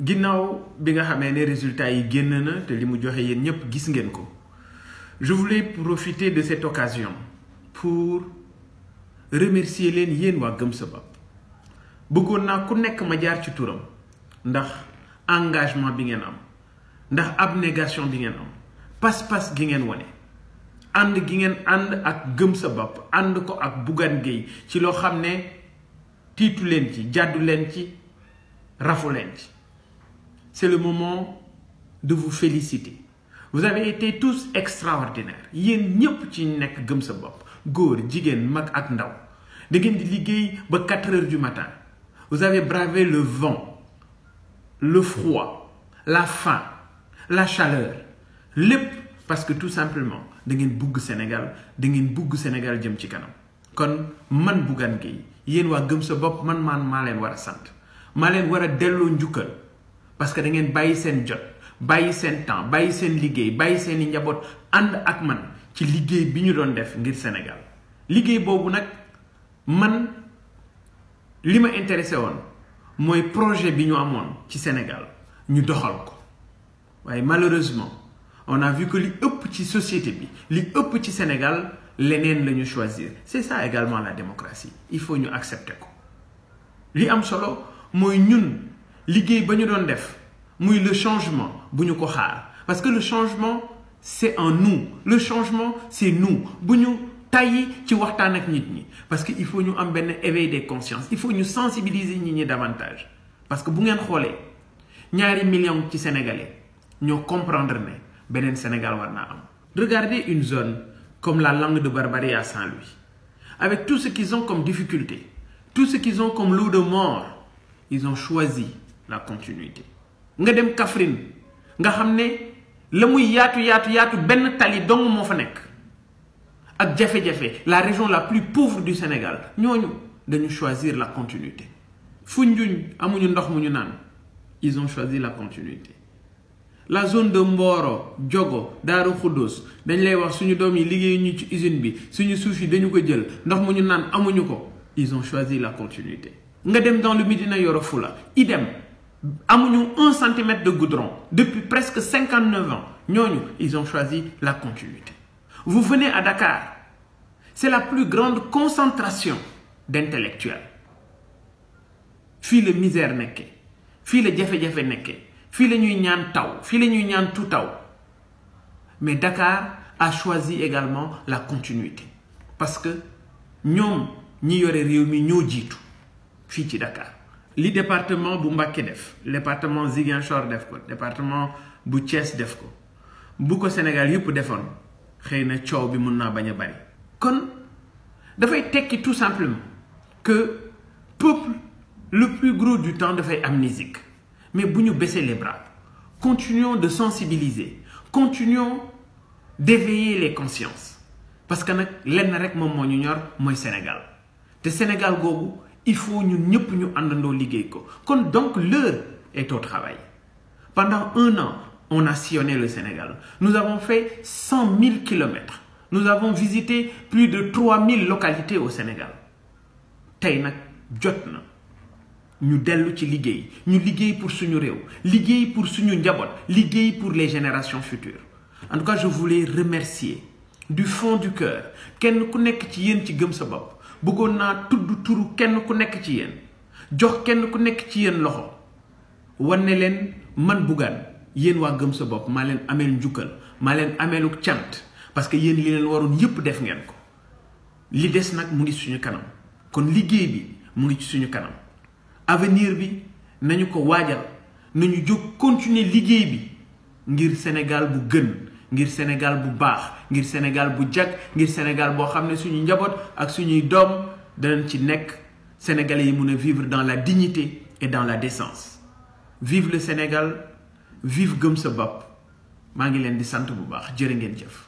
ginnaaw bi nga xamee ne résultats yi génn na te li mu joxe yéen ñépp gis ngeen ko je voulais profiter de cette occasion pour remercier leen yéen waa Gëm sa bopp bëggoon naa ku nekk ma jaar ci turam ndax engagement bi ngeen am ndax abnégation bi ngeen am pas-pas gi ngeen wane ànd gi ngeen ànd ak Gëm sa bopp ànd ko ak Bougane géey ci loo xam ne tiitu leen ci jàddu leen ci rafu leen ci c'est le moment de vous féliciter vous avez été tous extraordinaires yéen ñëpp ci nekk gëm sa bopp góor jigéen mag ak ndaw da ngeen di liggéey ba quatre heures du matin vous avez bravé le vent le froid la faim la chaleur lépp parce que tout simplement da ngeen bugg Sénégal da ngeen bugg Sénégal jëm ci kanam kon man Bougane Gueye yéen waa gëm sa bopp man maan maa leen war a sant maa leen war a delloo njukkal parce que da ngeen bàyyi seen jot bàyyi seen temps bàyyi seen liggéey bàyyi seen i njaboot ànd ak man ci liggéey bi ñu doon def ngir Sénégal liggéey boobu nag man li ma intéressé woon mooy projet bi ñu amoon ci Sénégal ñu doxal ko waaye malheureusement on a vu que li ëpp ci société bi li ëpp ci Sénégal leneen la ñu choisir c'est ça également la démocratie il faut ñu accepter ko li am solo mooy ñun. liggéey ba ñu doon def muy le changement bu ñu ko xaar parce que le changement c'est un nous le changement c'est nous bu ñu tàyyi ci waxtaan ak nit ñi parce que il faut ñu am benn éveil des consciences il faut ñu sensibiliser nit ñi davantage parce que bu ngeen xoolee ñaari millions ci sénégalais ñoo comprendre ne beneen Sénégal war naa am. regardez une zone comme la langue de Barbarie à Saint-Louis avec tout ce qu'ils ont comme difficulté tout ce qu'ils comme lot de morts ils ont choisi. la continuité nga dem Kaffrine nga xam ne la muy yaatu yaatu yaatu benn tali dong moo fa nekk ak jafe-jafe la région la plus pauvre du Sénégal ñooñu dañu choisir la continuité njuñ amuñu ndox mu ñu naan ils ont choisi la continuité la zone de mbooro jogo Daaru Xuddoos dañ lay wax suñu doom yi liggéey ci usine bi suñu suuf yi dañu ko jël ndox mu ñu naan amuñu ko ils ont choisi la continuité nga dem dans le Médina Yoro Foulah idem amuñu un centimètre de goudron depuis presque cinquante neuf ans ñooñu ils ont choisi la continuité vous venez à Dakar c'est la plus grande concentration d'intellectuels fii la misère nekkee fii la jafe-jafe nekkee fii la ñuy ñaan taw fii la ñuy ñaan tout taw mais Dakar a choisi également la continuité parce que ñoom ñi yore réew mi ñoo jiitu fii ci Dakar li département bu Mbacké def département Ziguinchor def ko département bu cees def ko bu ko Sénégal yëpp defoon xëy na coow bi mun naa bañ a bari kon dafay tekki tout simplement que peuple le plus gros du temps dafay amnésique mais bu ñu baisser les bras de de sensibiliser continuons d'éveiller les consciences parce que nag lenn rek moom moo ñu ñor mooy Sénégal te Sénégal googu il faut ñu ñëpp ñu àndandoo liggéey ko kon donc l'heure est au travail pendant un an on a sillonné le Sénégal nous avons fait cent mille kilomètres nous avons visité plus de trois mille localités au Sénégal tey nag jot na ñu dellu ci liggéey ñu liggéey pour suñu réew liggéey pour suñu njaboot liggéey pour les générations futures en tout cas je voulais remercier du fond du cœur kenn ku nekk ci yéen ci gëm sa bopp bëggoon naa tudd turu kenn ku nekk ci yéen jox kenn ku nekk ci yéen loxo wanne leen man Bougane yéen waa gëm sa bopp maa leen ameel njukkal maa leen ameeluk cant parce que yéen li leen waroon yépp def ngeen ko li des nag mu ngi suñu kanam kon liggéey bi mu ngi ci suñu kanam avenir bi nañu ko waajal nañu jóg continuer liggéey bi ngir Sénégal bu gën ngir Sénégal bu baax ngir Sénégal bu jag ngir Sénégal boo xam ne suñu njaboot ak suñuy doom danañ ci nekk sénégalais yi mu ne vivre dans la dignité et dans la décence vive le Sénégal vive gëm sa bopp maa ngi leen di sant bu baax jërë ngeen jëf.